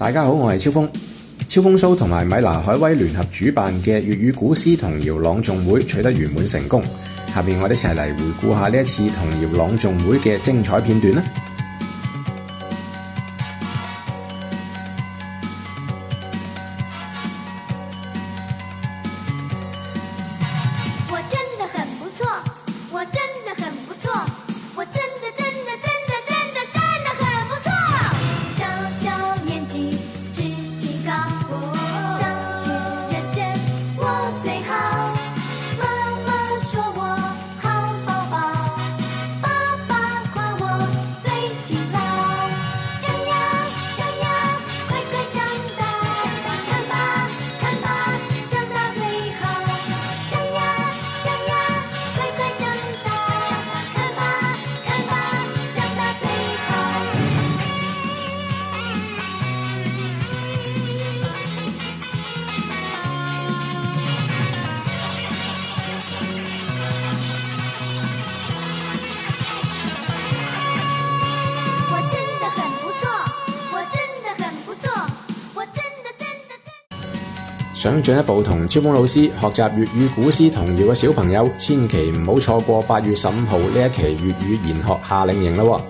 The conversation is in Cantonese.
大家好，我係超峰。超峰蘇同埋米娜海威聯合主辦嘅粵語古詩童謠朗誦會取得圓滿成功。下面我哋一齊嚟回顧下呢次童謠朗誦會嘅精彩片段啦。想進一步同超風老師學習粵語古詩童謠嘅小朋友，千祈唔好錯過八月十五號呢一期粵語研學夏令營啦！